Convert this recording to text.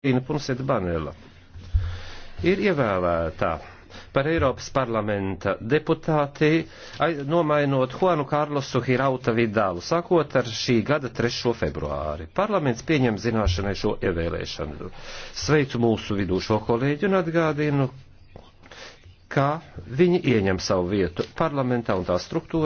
Inpumset Banela ir ievēlētā par Eiropas parlamenta deputāti, nomainot Juanu Karlosu Hirauta Vidālu, sākot ar šī gada 3. februāri. Parlaments pieņem zināšanai šo ievēlēšanu. Sveicu mūsu vidū šo kolēģi un atgādinu, ka viņi ieņem savu vietu parlamentā un tā struktūra.